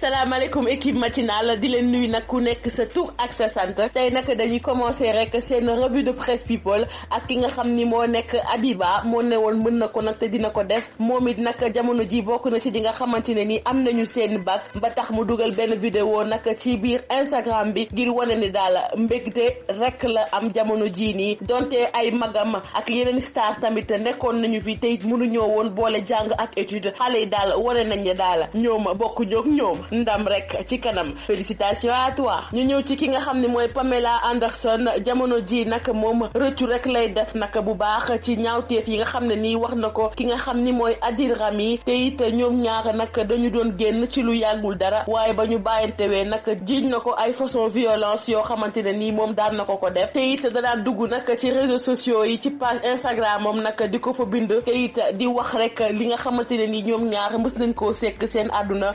salaamaaleykum équipe matinale di leen nuy nag ku nekk sa tur ak sa sant tey nag dañuy commencer rek seen revue de presse people ak ki nga xam ni moo nekk Abiba moo ne woon mën na ko nag te dina ko def moom it nag jamono ji bokk na ci di nga xamante ne ni am nañu seen bac ba tax mu dugal benn vidéo nag ci biir Instagram bi ngir wane ni daal mbégte rek la am jamono jii nii donte ay magam ak yeneen star tamit nekkoon nañu fi tey mënuñoo woon boole jàng ak étude xale yi daal wane nañ ne daal ñoom bokk ñoog ñoom ndam rek ci kanam félicitations à toi ñu ñëw ci ki nga xam ne mooy Pamela Anderson jamono jii nag moom rëccu rek lay def nag bu baax ci ñaaw ñaawteef yi nga xam ne nii wax na ko ki nga xam ni mooy Adil yi te it ñoom ñaar nag dañu doon génn ci lu yàggul dara waaye ba ñu bàyyi bàyyantewee nag jiiñ na ko ay façon violence yoo xamante ne nii moom daan na ko ko def te it daan dugg nag ci réseaux sociaux yi ci page Instagram moom nag di ko fa bind te di wax rek li nga xamante ne nii ñoom ñaar mës nañ koo sekk seen àdduna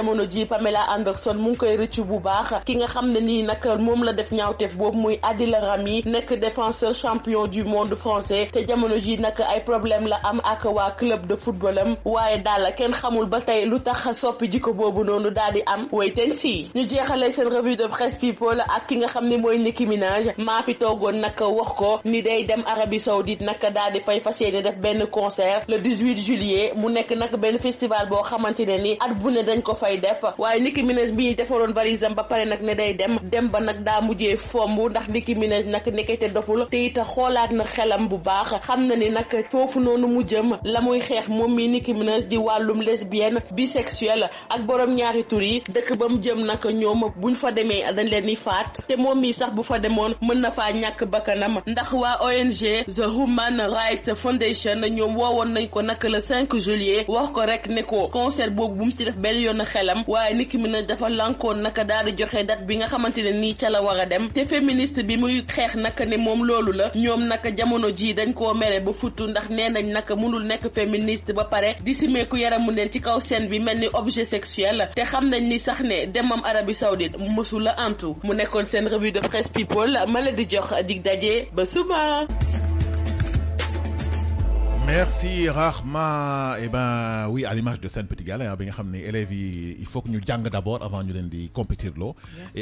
jamono ji Pamela Anderson mu ngi koy rëccu bu baax ki nga xam ne nii nag moom la def ñaawteef boobu muy Adil Rami nekk défenseur champion du monde français te jamono ji nag ay problème la am ak waa club de football am waaye daal kenn xamul ba tey lu tax soppi jikko boobu noonu daal di am wayteen si ñu jeexale seen revue de presse people ak ki nga xam ne mooy Nicki Minaj maa fi toogoon nag wax ko ni day dem Arabie Saoudite nag daal di fay fas yéene def benn concert le 18 juillet mu nekk nag benn festival boo xamante ne ni at bu ne dañ ko fay koy def waaye Nicki Minaj bi defaroon valisam ba pare nag ne day dem dem ba nag daa mujjee fomb ndax Nicki Minaj nag nekkete doful te it xoolaat na xelam bu baax xam na ni nag foofu noonu mu jëm la muy xeex moom mi Nicki Minaj di wàllum lesbienne bisexuelle ak borom ñaari tur yi dëkk ba mu jëm nag ñoom buñ fa demee dañ leen di faat te moom mi sax bu fa demoon mën na faa ñàkk bakkanam ndax waa ONG The Human Rights Foundation ñoom woowoon nañ ko nag le 5 juillet ko rek ne ko concert xelam waaye Nicki na dafa lankoon naka daal di joxe dat bi nga xamante ne nii ca la war a dem te féministe bi muy xeex naka ne moom loolu la ñoom naka jamono jii dañ koo mere ba futtu ndax nee nañ naka mënul nekk féministe ba pare di simeeku yaramu leen ci kaw seen bi mel ni objet sexuel te xam nañ ni sax ne demam Arabie Saoudite mësu la antu mu nekkoon seen revue de presse people ma la di jox dig daje ba suba. merci Rahma eh ben oui à l'image de saint Petit galère, il faut que nous jàng d'abord avant de nous di compétir l'eau.